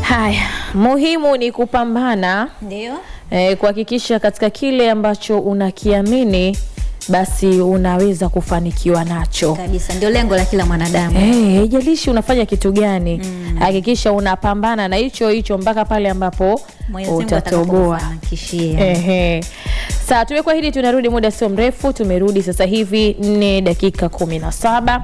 Haya, muhimu ni kupambana ndio, eh, kuhakikisha katika kile ambacho unakiamini basi unaweza kufanikiwa nacho kabisa. Ndio lengo la kila mwanadamu, e, haijalishi hey, unafanya kitu gani mm. Hakikisha unapambana na hicho hicho mpaka pale ambapo utatoboa. Ehe, sasa tumekuwa hili, tunarudi muda sio mrefu, tumerudi sasa hivi 4 dakika 17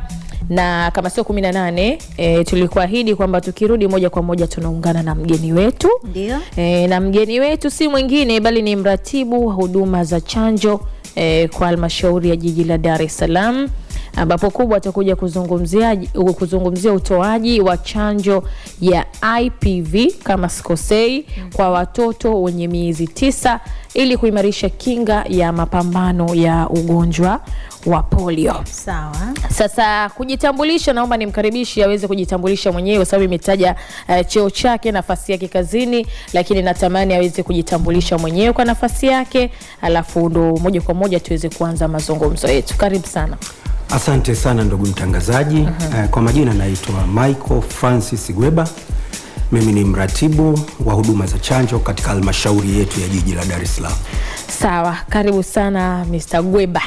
na kama sio 18 e, eh, tulikuahidi kwamba tukirudi moja kwa moja tunaungana na mgeni wetu ndio. E, na mgeni wetu si mwingine bali ni mratibu wa huduma za chanjo e, kwa halmashauri ya jiji la Dar es Salaam ambapo kubwa atakuja kuzungumzia, kuzungumzia utoaji wa chanjo ya IPV kama sikosei, kwa watoto wenye miezi tisa ili kuimarisha kinga ya mapambano ya ugonjwa wa polio. Sawa. Sasa kujitambulisha, naomba nimkaribishi aweze kujitambulisha mwenyewe kwa sababu imetaja uh, cheo chake, nafasi yake kazini, lakini natamani aweze kujitambulisha mwenyewe kwa nafasi yake, alafu ndo moja kwa moja tuweze kuanza mazungumzo yetu. Karibu sana. Asante sana ndugu mtangazaji. uh eh, -huh. Kwa majina naitwa Michael Francis Gweba, mimi ni mratibu wa huduma za chanjo katika halmashauri yetu ya jiji la Dar es Salaam. Sawa, karibu sana Mr. Gweba.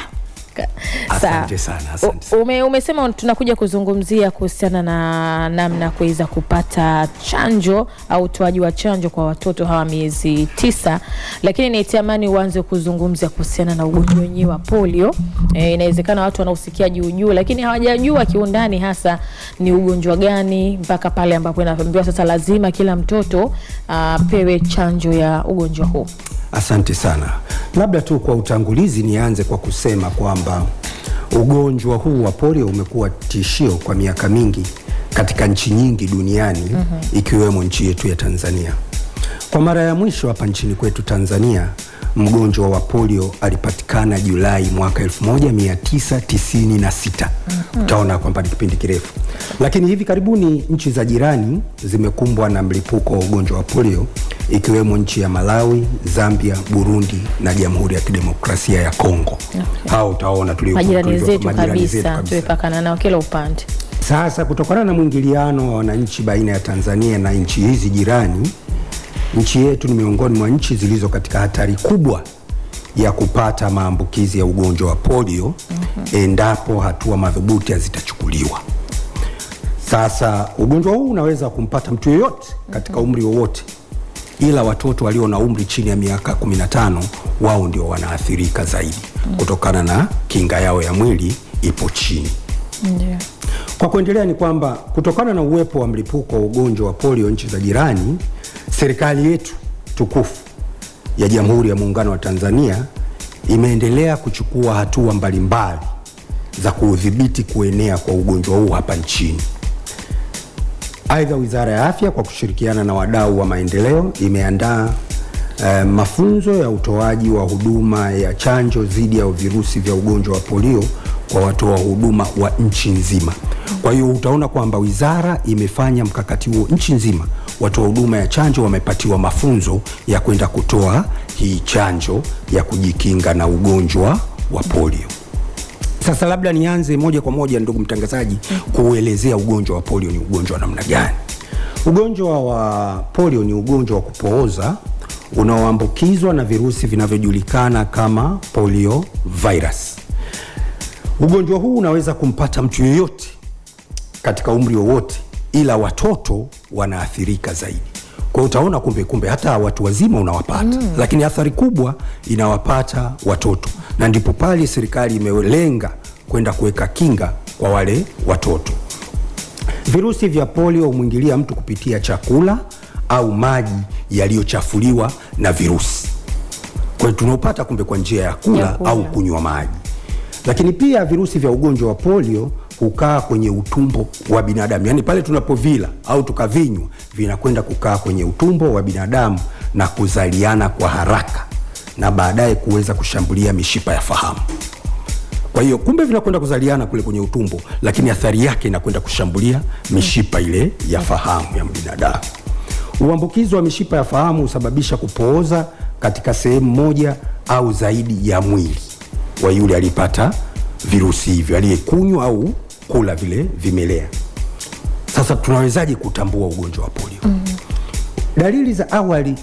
Asante sana, asante Ume, umesema tunakuja kuzungumzia kuhusiana na namna kuweza kupata chanjo au utoaji wa chanjo kwa watoto hawa miezi tisa, lakini nitamani uanze kuzungumza kuhusiana na ugonjwa wenyewe wa polio. E, inawezekana watu wanaosikia juu juu, lakini hawajajua kiundani hasa ni ugonjwa gani mpaka pale ambapo inaambiwa sasa lazima kila mtoto apewe chanjo ya ugonjwa huu. Asante sana. Labda tu kwa utangulizi nianze kwa kusema kwamba Ugonjwa huu wa polio umekuwa tishio kwa miaka mingi katika nchi nyingi duniani mm -hmm. ikiwemo nchi yetu ya Tanzania. Kwa mara ya mwisho hapa nchini kwetu Tanzania mgonjwa wa polio alipatikana Julai mwaka 1996. Mhm. Utaona kwamba ni kipindi kirefu, lakini hivi karibuni nchi za jirani zimekumbwa na mlipuko wa ugonjwa wa polio ikiwemo nchi ya Malawi, Zambia, Burundi na Jamhuri ya Kidemokrasia ya Kongo. Okay. Hao utaona majirani zetu kabisa, tumepakana nao kila upande. Sasa kutokana na mwingiliano wa wananchi baina ya Tanzania na nchi hizi jirani Nchi yetu ni miongoni mwa nchi zilizo katika hatari kubwa ya kupata maambukizi ya ugonjwa wa polio mm -hmm. endapo hatua madhubuti hazitachukuliwa. Sasa ugonjwa huu unaweza kumpata mtu yeyote katika mhm. umri wowote, ila watoto walio na umri chini ya miaka 15 wao ndio wanaathirika zaidi mm -hmm. kutokana na kinga yao ya mwili ipo chini yeah. Kwa kuendelea ni kwamba kutokana na uwepo wa mlipuko wa ugonjwa wa polio nchi za jirani Serikali yetu tukufu ya Jamhuri ya Muungano wa Tanzania imeendelea kuchukua hatua mbalimbali za kuudhibiti kuenea kwa ugonjwa huu hapa nchini. Aidha, Wizara ya Afya kwa kushirikiana na wadau wa maendeleo imeandaa eh, mafunzo ya utoaji wa huduma ya chanjo dhidi ya virusi vya ugonjwa wa polio kwa watoa wa huduma wa nchi nzima. Kwa hiyo utaona kwamba wizara imefanya mkakati huo nchi nzima, watoa wa huduma ya chanjo wamepatiwa mafunzo ya kwenda kutoa hii chanjo ya kujikinga na ugonjwa wa polio. Sasa labda nianze moja kwa moja, ndugu mtangazaji, kuelezea ugonjwa wa polio ni ugonjwa wa namna gani. Ugonjwa wa polio ni ugonjwa wa kupooza unaoambukizwa na virusi vinavyojulikana kama polio virus. Ugonjwa huu unaweza kumpata mtu yeyote katika umri wowote, ila watoto wanaathirika zaidi. Kwa utaona kumbe kumbe hata watu wazima unawapata mm. Lakini athari kubwa inawapata watoto, na ndipo pale serikali imelenga kwenda kuweka kinga kwa wale watoto. Virusi vya polio humwingilia mtu kupitia chakula au maji yaliyochafuliwa na virusi, kwa hiyo tunaopata kumbe kwa njia ya kula, ya kula au kunywa maji. Lakini pia virusi vya ugonjwa wa polio hukaa kwenye utumbo wa binadamu, yaani pale tunapovila au tukavinywa, vinakwenda kukaa kwenye utumbo wa binadamu na kuzaliana kwa haraka na baadaye kuweza kushambulia mishipa ya fahamu. Kwa hiyo kumbe vinakwenda kuzaliana kule kwenye utumbo, lakini athari yake inakwenda kushambulia mishipa ile ya fahamu ya binadamu. Uambukizi wa mishipa ya fahamu husababisha kupooza katika sehemu moja au zaidi ya mwili wa yule alipata virusi hivyo, aliyekunywa au kula vile vimelea. Sasa tunawezaje kutambua ugonjwa wa polio? mm -hmm. Dalili za awali,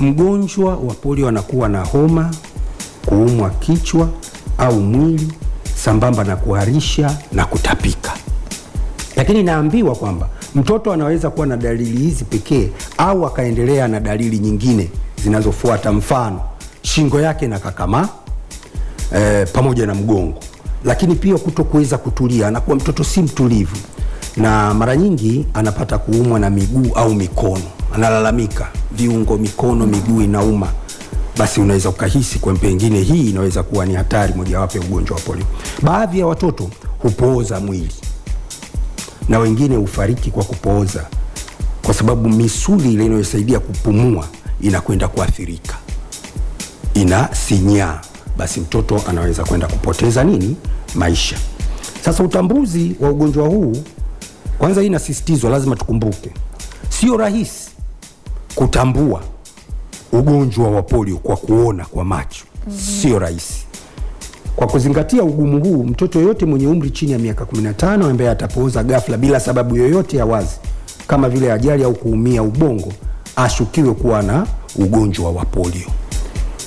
mgonjwa wa polio anakuwa na homa, kuumwa kichwa au mwili, sambamba na kuharisha na kutapika. Lakini naambiwa kwamba mtoto anaweza kuwa na dalili hizi pekee au akaendelea na dalili nyingine zinazofuata, mfano shingo yake na kakama eh, pamoja na mgongo, lakini pia kutokuweza kutulia. Anakuwa mtoto si mtulivu, na mara nyingi anapata kuumwa na miguu au mikono, analalamika viungo, mikono, miguu inauma. Basi unaweza ukahisi kwa pengine hii inaweza kuwa ni hatari mojawapo ya ugonjwa wa polio. Baadhi ya watoto hupooza mwili na wengine hufariki kwa kupooza, kwa sababu misuli ile inayosaidia kupumua inakwenda kuathirika, inasinyaa basi mtoto anaweza kwenda kupoteza nini maisha. Sasa utambuzi wa ugonjwa huu kwanza, hii inasisitizwa, lazima tukumbuke, sio rahisi kutambua ugonjwa wa polio kwa kuona kwa macho mm -hmm. Sio rahisi. Kwa kuzingatia ugumu huu, mtoto yoyote mwenye umri chini ya miaka 15 ambaye atapooza ghafla bila sababu yoyote ya wazi kama vile ajali au kuumia ubongo ashukiwe kuwa na ugonjwa wa polio.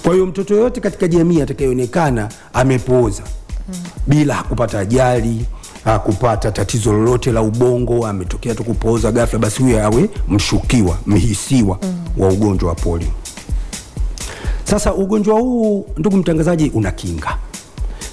Kwa hiyo mtoto yoyote katika jamii atakayeonekana amepooza mm. bila kupata ajali kupata tatizo lolote la ubongo, ametokea tu kupooza ghafla, basi huyo awe mshukiwa mhisiwa mm. wa ugonjwa wa polio. Sasa ugonjwa huu, ndugu mtangazaji, una kinga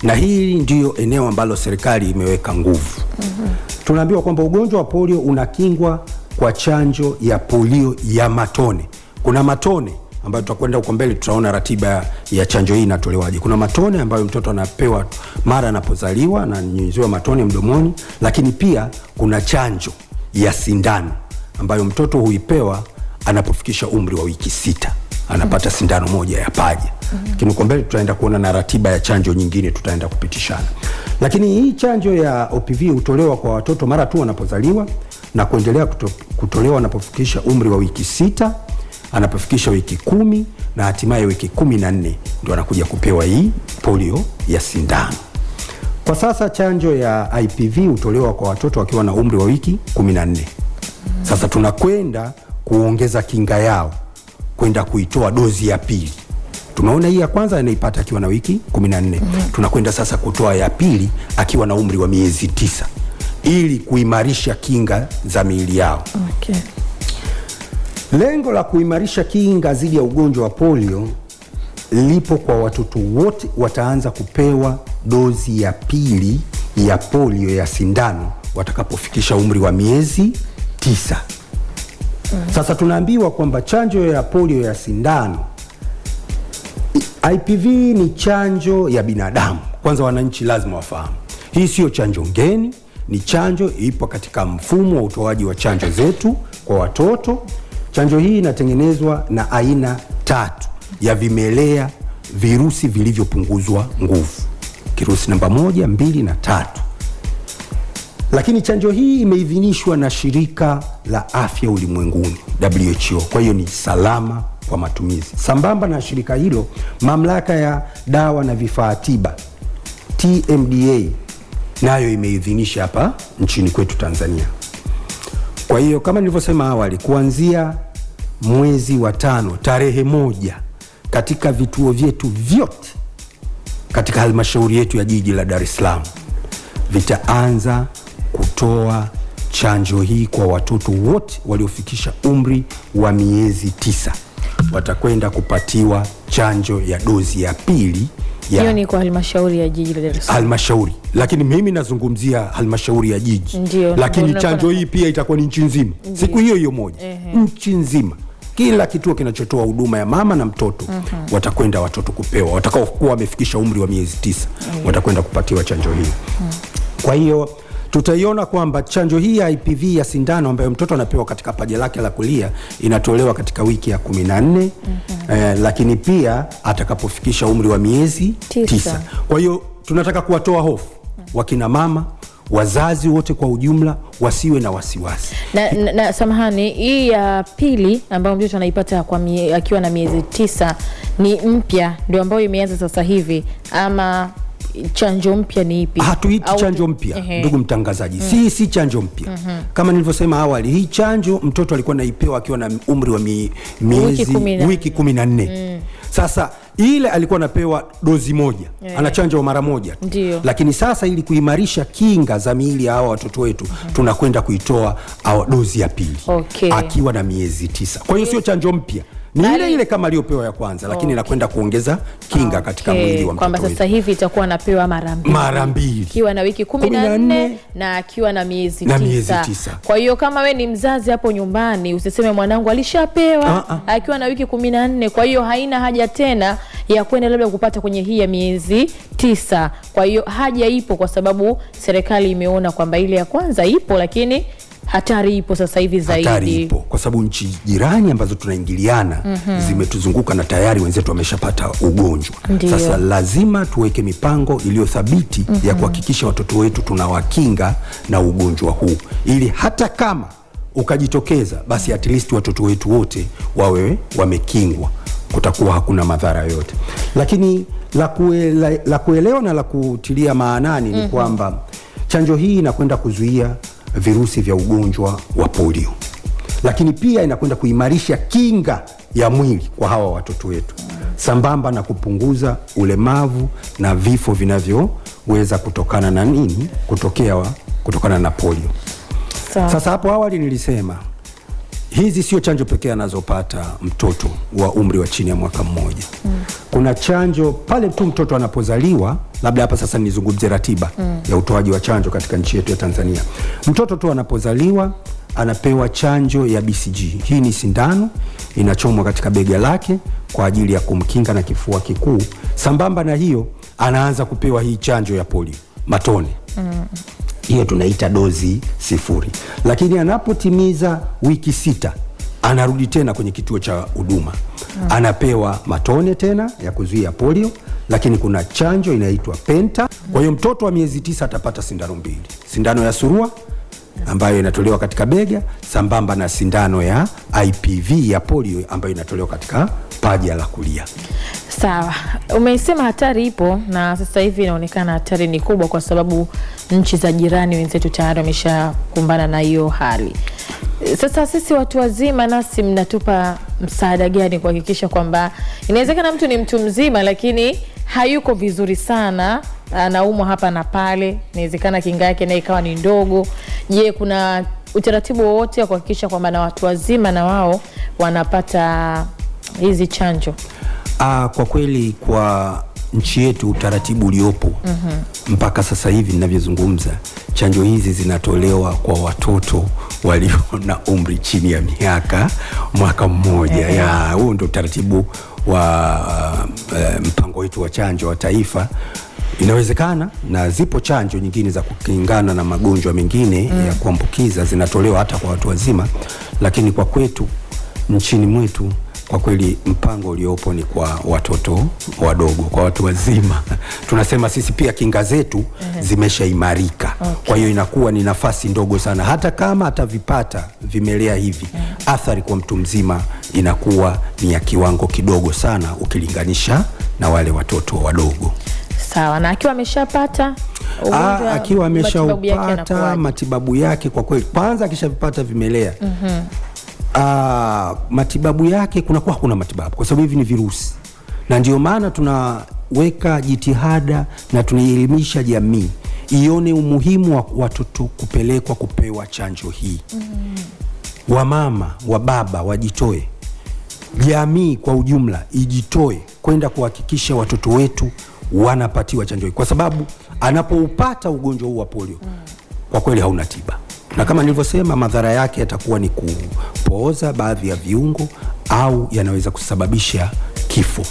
na hili ndiyo eneo ambalo serikali imeweka nguvu mm -hmm. Tunaambiwa kwamba ugonjwa wa polio unakingwa kwa chanjo ya polio ya matone. Kuna matone ambayo tutakwenda huko mbele tutaona ratiba ya chanjo hii inatolewaje. Kuna matone ambayo mtoto anapewa mara anapozaliwa na nyunyiziwa matone mdomoni, lakini pia kuna chanjo ya sindano ambayo mtoto huipewa anapofikisha umri wa wiki sita anapata sindano moja ya paja. Lakini huko mbele tutaenda kuona na ratiba ya chanjo nyingine tutaenda kupitishana. Lakini hii chanjo ya OPV hutolewa kwa watoto mara tu wanapozaliwa na kuendelea kutolewa wanapofikisha umri wa wiki sita anapofikisha wiki kumi na hatimaye wiki kumi na nne ndio anakuja kupewa hii polio ya sindano. Kwa sasa chanjo ya IPV hutolewa kwa watoto wakiwa na umri wa wiki nne. Sasa tunakwenda kuongeza kinga yao kwenda kuitoa dozi ya pili. Tumeona hii ya kwanza anaipata akiwa na wiki 14. Mm -hmm. Tunakwenda sasa kutoa ya pili akiwa na umri wa miezi tisa ili kuimarisha kinga za miili yao. Okay. Lengo la kuimarisha kinga dhidi ya ugonjwa wa polio lipo kwa watoto wote wataanza kupewa dozi ya pili ya polio ya sindano watakapofikisha umri wa miezi tisa. Mm. Sasa tunaambiwa kwamba chanjo ya polio ya sindano IPV ni chanjo ya binadamu. Kwanza wananchi lazima wafahamu, hii siyo chanjo ngeni, ni chanjo ipo katika mfumo wa utoaji wa chanjo zetu kwa watoto Chanjo hii inatengenezwa na aina tatu ya vimelea virusi vilivyopunguzwa nguvu, kirusi namba moja, mbili na tatu. Lakini chanjo hii imeidhinishwa na shirika la afya ulimwenguni WHO, kwa hiyo ni salama kwa matumizi. Sambamba na shirika hilo, mamlaka ya dawa na vifaa tiba TMDA nayo imeidhinisha hapa nchini kwetu Tanzania. Kwa hiyo kama nilivyosema awali, kuanzia mwezi wa tano tarehe moja katika vituo vyetu vyote katika halmashauri yetu ya jiji la Dar es Salaam vitaanza kutoa chanjo hii kwa watoto wote waliofikisha umri wa miezi tisa. Watakwenda kupatiwa chanjo ya dozi ya pili ya... hiyo ni kwa halmashauri ya jiji la Dar es Salaam. Halmashauri, lakini mimi nazungumzia halmashauri ya jiji. Ndiyo, lakini chanjo hii pia itakuwa ni nchi nzima siku hiyo hiyo moja, nchi nzima kila kituo kinachotoa huduma ya mama na mtoto mm -hmm. watakwenda watoto kupewa watakaokuwa wamefikisha umri wa miezi tisa mm -hmm. watakwenda kupatiwa chanjo hii mm -hmm. kwa hiyo tutaiona kwamba chanjo hii ya IPV ya sindano ambayo mtoto anapewa katika paja lake la kulia inatolewa katika wiki ya 14 mm -hmm. eh, lakini pia atakapofikisha umri wa miezi tisa. tisa. Kwa hiyo tunataka kuwatoa hofu wakina mama wazazi wote kwa ujumla wasiwe na wasiwasi na, na, na samahani, hii ya pili ambayo mtoto anaipata kwa mie, akiwa na miezi tisa ni mpya, ndio ambayo imeanza sasa hivi ama chanjo mpya ni ipi? Hatuiti chanjo mpya ndugu mtangazaji. Mm. si si chanjo mpya mhm. Kama nilivyosema awali, hii chanjo mtoto alikuwa naipewa akiwa na umri wa mi, miezi wiki kumi na nne. Mm. Sasa ile alikuwa anapewa dozi moja yeah. Anachanjwa mara moja Ndiyo. Lakini sasa ili kuimarisha kinga za miili ya hawa watoto wetu mm. tunakwenda kuitoa dozi ya pili okay. Akiwa na miezi tisa, kwa hiyo sio chanjo mpya ni ile ile kama aliyopewa ya kwanza, lakini inakwenda okay. kuongeza kinga katika okay. mwili wa mtoto kwamba sasa hivi itakuwa anapewa mara mbili mara mbili, akiwa na wiki 14 na akiwa na miezi na miezi tisa. Kwa hiyo kama we ni mzazi hapo nyumbani, usiseme mwanangu alishapewa ah, ah. akiwa na wiki 14, kwa hiyo haina haja tena ya kwenda labda kupata kwenye hii ya miezi tisa. Kwa hiyo haja ipo, kwa sababu serikali imeona kwamba ile ya kwanza ipo, lakini hatari ipo sasa hivi zaidi. Hatari ipo kwa sababu nchi jirani ambazo tunaingiliana mm-hmm. zimetuzunguka na tayari wenzetu wameshapata ugonjwa Ndiyo. Sasa lazima tuweke mipango iliyo thabiti mm-hmm. ya mhm. kuhakikisha watoto wetu tunawakinga na ugonjwa huu ili hata kama ukajitokeza basi at least watoto wetu wote wawe wamekingwa, kutakuwa hakuna madhara yoyote. Lakini la, la kuelewa na la kutilia maanani mm-hmm. ni mhm. kwamba chanjo hii inakwenda kuzuia virusi vya ugonjwa wa polio, lakini pia inakwenda kuimarisha kinga ya mwili kwa hawa watoto wetu sambamba na kupunguza ulemavu na vifo vinavyoweza kutokana na nini, kutokea wa, kutokana na polio. So, Sasa hapo awali nilisema hizi sio chanjo pekee anazopata mtoto wa umri wa chini ya mwaka mmoja. Mm. Kuna chanjo pale tu mtoto anapozaliwa labda hapa sasa nizungumzie ratiba mm. ya utoaji wa chanjo katika nchi yetu ya Tanzania. Mtoto tu anapozaliwa anapewa chanjo ya BCG. Hii ni sindano inachomwa katika bega lake kwa ajili ya kumkinga na kifua kikuu. Sambamba na hiyo, anaanza kupewa hii chanjo ya polio matone mm. hiyo tunaita dozi sifuri, lakini anapotimiza wiki sita anarudi tena kwenye kituo cha huduma mm. anapewa matone tena ya kuzuia polio lakini kuna chanjo inaitwa Penta. Kwa hiyo mtoto wa miezi tisa atapata sindano mbili, sindano ya surua ambayo inatolewa katika bega sambamba na sindano ya IPV ya polio ambayo inatolewa katika paja la kulia. Sawa, umesema hatari ipo na sasa hivi inaonekana hatari ni kubwa, kwa sababu nchi za jirani wenzetu tayari wameshakumbana na hiyo hali. Sasa sisi watu wazima, nasi mnatupa msaada gani kuhakikisha kwamba inawezekana mtu ni mtu mzima lakini hayuko vizuri sana, anaumwa ah, hapa na pale, inawezekana kinga yake naye ikawa ni ndogo. Je, kuna utaratibu wowote wa kuhakikisha kwamba na watu wazima na wao wanapata hizi chanjo? Aa, ah, kwa kweli kwa nchi yetu utaratibu uliopo mm -hmm. mpaka sasa hivi ninavyozungumza, chanjo hizi zinatolewa kwa watoto walio na umri chini ya miaka mwaka mmoja. Huo eh, eh. Ya, huo ndio utaratibu wa e, mpango wetu wa chanjo wa taifa inawezekana na zipo chanjo nyingine za kukingana na magonjwa mengine mm. ya kuambukiza zinatolewa hata kwa watu wazima, lakini kwa kwetu nchini mwetu kwa kweli mpango uliopo ni kwa watoto wadogo, kwa watu wazima tunasema sisi pia kinga zetu zimeshaimarika. Okay. Kwa hiyo inakuwa ni nafasi ndogo sana, hata kama atavipata vimelea hivi, athari kwa mtu mzima inakuwa ni ya kiwango kidogo sana ukilinganisha na wale watoto wadogo. Sawa, na akiwa ameshapata Aa, ah, akiwa ameshaupata matibabu yake, kwa kweli kwanza akishavipata vimelea mm -hmm uh, matibabu yake kunakuwa hakuna matibabu, kwa sababu hivi ni virusi, na ndio maana tunaweka jitihada na tunaielimisha jamii ione umuhimu wa watoto kupelekwa kupewa chanjo hii mm -hmm. wa baba wajitoe, jamii kwa ujumla ijitoe kwenda kuhakikisha watoto wetu wanapatiwa chanjo hii, kwa sababu anapoupata ugonjwa huu wa polio mm. kwa kweli hauna tiba na kama nilivyosema, madhara yake yatakuwa ni kupooza baadhi ya viungo au yanaweza kusababisha kifo.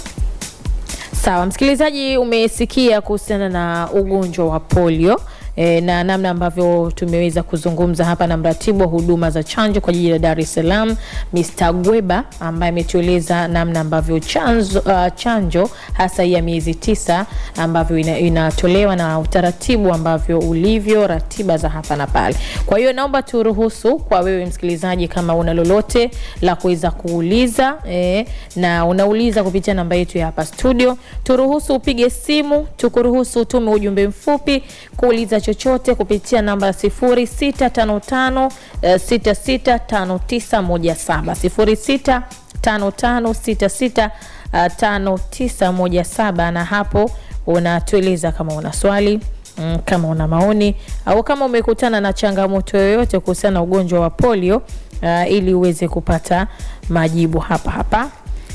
Sawa msikilizaji, umesikia kuhusiana na ugonjwa wa polio e, na namna ambavyo tumeweza kuzungumza hapa na mratibu wa huduma za chanjo kwa jiji la Dar es Salaam Mr. Gweba ambaye ametueleza namna ambavyo chanzo, uh, chanjo hasa ya miezi tisa ambavyo inatolewa na utaratibu ambavyo ulivyo ratiba za hapa na pale. Kwa hiyo naomba turuhusu kwa wewe msikilizaji, kama una lolote la kuweza kuuliza e, na unauliza kupitia namba yetu ya hapa studio, turuhusu upige simu, tukuruhusu utume ujumbe mfupi kuuliza chochote kupitia namba 0655 665917 0655 665917, na hapo unatueleza kama una swali mm, kama una maoni au kama umekutana na changamoto yoyote kuhusiana na ugonjwa wa polio, uh, ili uweze kupata majibu hapa hapa.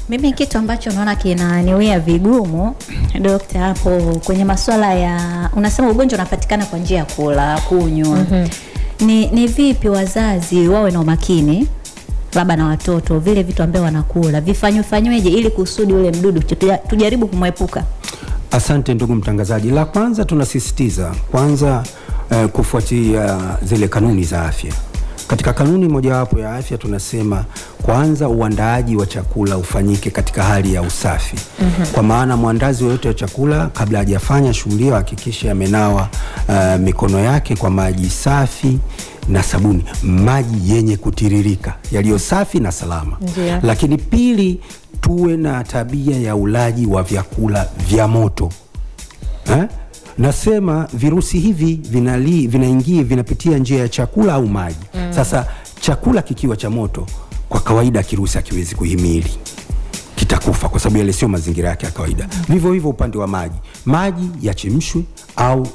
Mimi kitu ambacho naona kinaniwia vigumu dokta, hapo kwenye masuala ya unasema ugonjwa unapatikana kwa njia ya kula kunywa, mm -hmm. ni, ni vipi wazazi wawe na umakini labda na watoto, vile vitu ambavyo wanakula vifanywefanyweje ili kusudi ule mdudu tujaribu kumwepuka? Asante ndugu mtangazaji. La kwanza tunasisitiza kwanza, eh, kufuatia zile kanuni za afya katika kanuni mojawapo ya afya tunasema kwanza uandaaji wa chakula ufanyike katika hali ya usafi. mm -hmm. Kwa maana mwandazi yoyote wa chakula kabla hajafanya shughuli hiyo hakikisha amenawa uh, mikono yake kwa maji safi na sabuni, maji yenye kutiririka yaliyo safi na salama. Njia. Lakini pili, tuwe na tabia ya ulaji wa vyakula vya moto eh? nasema virusi hivi vinali vinaingia vinapitia njia ya chakula au maji mm. Sasa chakula kikiwa cha moto, kwa kawaida kirusi hakiwezi kuhimili kitakufa kwa sababu yale sio mazingira yake ya kawaida. mm. Vivyo hivyo upande wa maji, maji yachemshwe au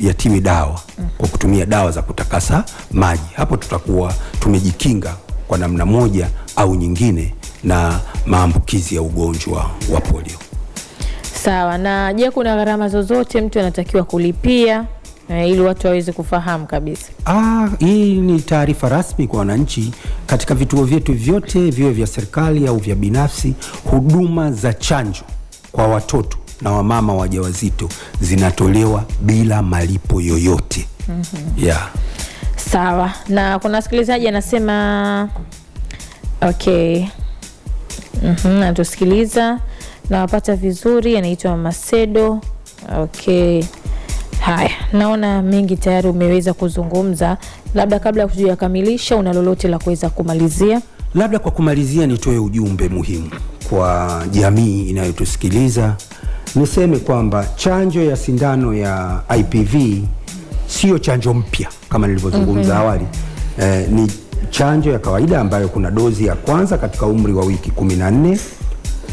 yatiwe dawa mm. kwa kutumia dawa za kutakasa maji, hapo tutakuwa tumejikinga kwa namna moja au nyingine na maambukizi ya ugonjwa wa polio. Sawa. Na je, kuna gharama zozote mtu anatakiwa kulipia eh, ili watu waweze kufahamu kabisa? Ah, hii ni taarifa rasmi kwa wananchi katika vituo vyetu vyote viwe vya serikali au vya binafsi. Huduma za chanjo kwa watoto na wamama wajawazito zinatolewa bila malipo yoyote. mm -hmm. Yeah. Sawa. Na kuna wasikilizaji anasema okay, mm -hmm, anatusikiliza nawapata vizuri, anaitwa Macedo. Okay. Haya, naona mengi tayari umeweza kuzungumza, labda kabla ya kujakamilisha, una lolote la kuweza kumalizia? Labda kwa kumalizia, nitoe ujumbe muhimu kwa jamii inayotusikiliza, niseme kwamba chanjo ya sindano ya IPV siyo chanjo mpya kama nilivyozungumza mm -hmm. awali eh, ni chanjo ya kawaida ambayo kuna dozi ya kwanza katika umri wa wiki 14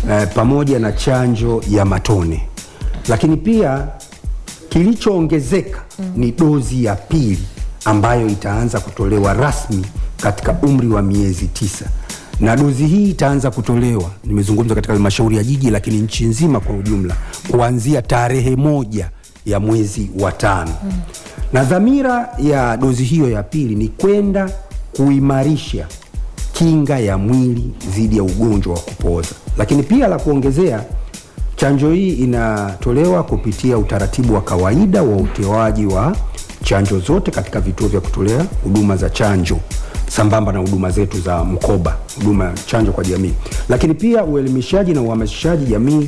eh, pamoja na chanjo ya matone, lakini pia kilichoongezeka mm. ni dozi ya pili ambayo itaanza kutolewa rasmi katika umri wa miezi tisa na dozi hii itaanza kutolewa, nimezungumza katika halmashauri ya jiji, lakini nchi nzima kwa ujumla, kuanzia tarehe moja ya mwezi wa tano mm. na dhamira ya dozi hiyo ya pili ni kwenda kuimarisha kinga ya mwili dhidi ya ugonjwa wa kupooza. Lakini pia la kuongezea, chanjo hii inatolewa kupitia utaratibu wa kawaida wa utoaji wa chanjo zote katika vituo vya kutolea huduma za chanjo sambamba na huduma zetu za mkoba, huduma chanjo kwa jamii, lakini pia uelimishaji na uhamasishaji jamii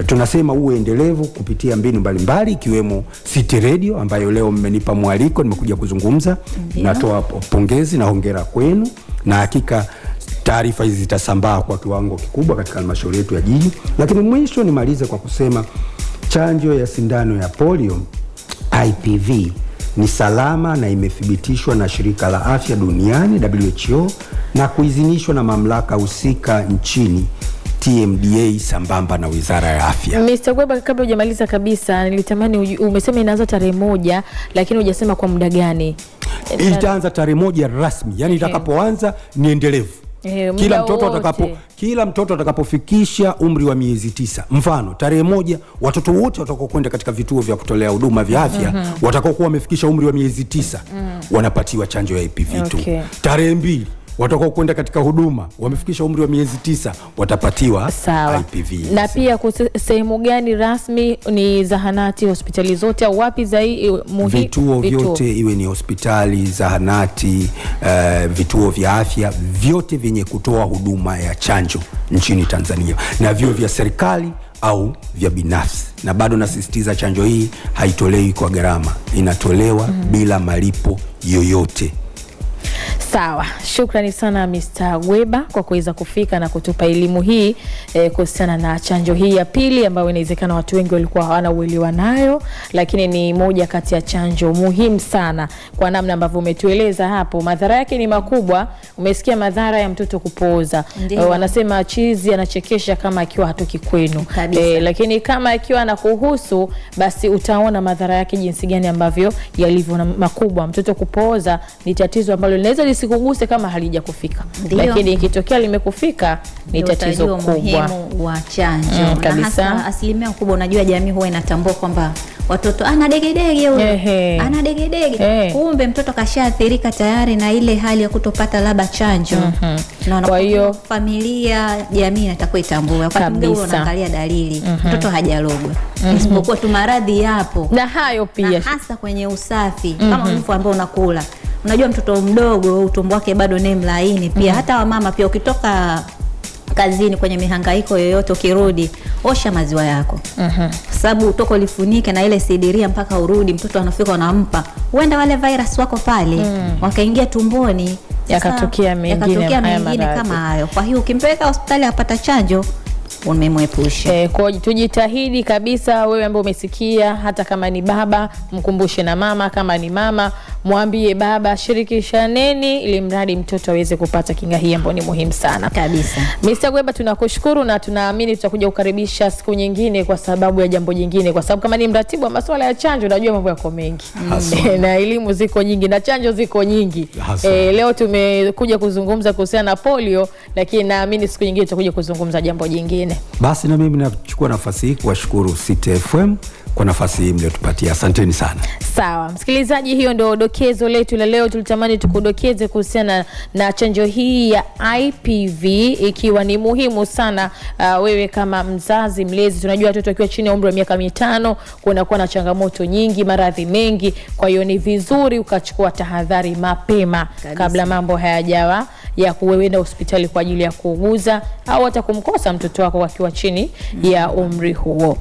eh, tunasema uwe endelevu kupitia mbinu mbalimbali ikiwemo City Radio ambayo leo mmenipa mwaliko, nimekuja kuzungumza. Natoa pongezi na hongera kwenu, na hakika taarifa hizi zitasambaa kwa kiwango kikubwa katika halmashauri yetu ya jiji. Lakini mwisho nimalize kwa kusema chanjo ya sindano ya polio IPV ni salama na imethibitishwa na Shirika la Afya Duniani WHO na kuidhinishwa na mamlaka husika nchini TMDA sambamba na Wizara ya Afya. Mr. Gweba, kabla hujamaliza kabisa, nilitamani umesema inaanza tarehe moja, lakini hujasema kwa muda gani itaanza. Tarehe moja rasmi, yani itakapoanza ni endelevu E, kila mtoto atakapo kila mtoto atakapofikisha umri wa miezi tisa, mfano tarehe moja, watoto wote watakokwenda katika vituo vya kutolea huduma vya afya mm -hmm. watakaokuwa wamefikisha umri wa miezi tisa mm -hmm. wanapatiwa chanjo ya HPV 2 okay. tarehe mbili watakao kwenda katika huduma wamefikisha umri wa miezi tisa watapatiwa Sawa. IPV. Na pia sehemu gani rasmi ni zahanati, hospitali zote au wapi zaidi muhimu? vituo vyote iwe ni hospitali, zahanati, uh, vituo vya afya vyote vyenye kutoa huduma ya chanjo nchini Tanzania na vyo vya serikali au vya binafsi. Na bado nasisitiza, chanjo hii haitolewi kwa gharama, inatolewa mm -hmm. bila malipo yoyote. Sawa, shukrani sana Mr. Gweba kwa kuweza kufika na kutupa elimu hii eh, kuhusiana na chanjo hii ya pili ambayo inawezekana watu wengi walikuwa hawana uelewa nayo, lakini ni moja kati ya chanjo muhimu sana. Kwa namna ambavyo umetueleza hapo, madhara yake ni makubwa. Umesikia madhara ya mtoto kupooza, Uh, wanasema chizi anachekesha kama akiwa hatoki kwenu eh, lakini kama akiwa anakuhusu basi utaona madhara yake jinsi gani ambavyo yalivyo makubwa. Mtoto kupooza ni tatizo ambalo linaweza usikuguse kama halijakufika, lakini ikitokea limekufika ni tatizo kubwa wa chanjo mm, kabisa. Na hasa asilimia kubwa, unajua jamii huwa inatambua kwamba watoto ah, ana degedege huyo, ana degedege, eh. kumbe mtoto kashaathirika tayari na ile hali ya kutopata labda chanjo mm -hmm na kwa hiyo familia, jamii inatakuwa itambue kwamba unaangalia dalili mm -hmm. mtoto mm -hmm. isipokuwa tu maradhi yapo, na hayo pia hasa kwenye usafi mm -hmm. kama mfu mhm. ambao unakula unajua mtoto mdogo utumbo wake bado ni mlaini pia mm. hata wamama pia ukitoka kazini kwenye mihangaiko yoyote, ukirudi osha maziwa yako uh-huh. Sababu utoko ulifunike na ile sidiria mpaka urudi, mtoto anafika unampa, huenda wale virus wako pale mm. wakaingia tumboni, yakatokea mengine kama hayo. Kwa hiyo ukimpeleka hospitali apata chanjo umemwepusha. E, kwa tujitahidi kabisa, wewe ambaye umesikia, hata kama ni baba mkumbushe na mama, kama ni mama mwambie baba, shirikishaneni ili mradi mtoto aweze kupata kinga hii ambayo ni muhimu sana kabisa. Mr. Gweba, tunakushukuru na tunaamini tutakuja kukaribisha siku nyingine kwa sababu ya jambo jingine, kwa sababu kama ni mratibu wa masuala ya chanjo unajua mambo yako mengi mm. na elimu ziko nyingi na chanjo ziko nyingi e, leo tumekuja kuzungumza kuhusiana na polio, lakini naamini siku nyingine tutakuja kuzungumza jambo jingine. Basi na mimi nachukua nafasi hii kuwashukuru ctfm kwa nafasi hii mliotupatia, asanteni sana. Sawa msikilizaji, hiyo ndio dokezo letu la leo. Tulitamani tukudokeze kuhusiana na chanjo hii ya IPV ikiwa ni muhimu sana. Uh, wewe kama mzazi mlezi, tunajua watoto wakiwa chini ya umri wa miaka mitano kunakuwa na changamoto nyingi, maradhi mengi. Kwa hiyo ni vizuri ukachukua tahadhari mapema Kadisi. kabla mambo hayajawa ya kuenda hospitali kwa ajili ya kuuguza au hata kumkosa mtoto wako akiwa chini mm -hmm. ya umri huo.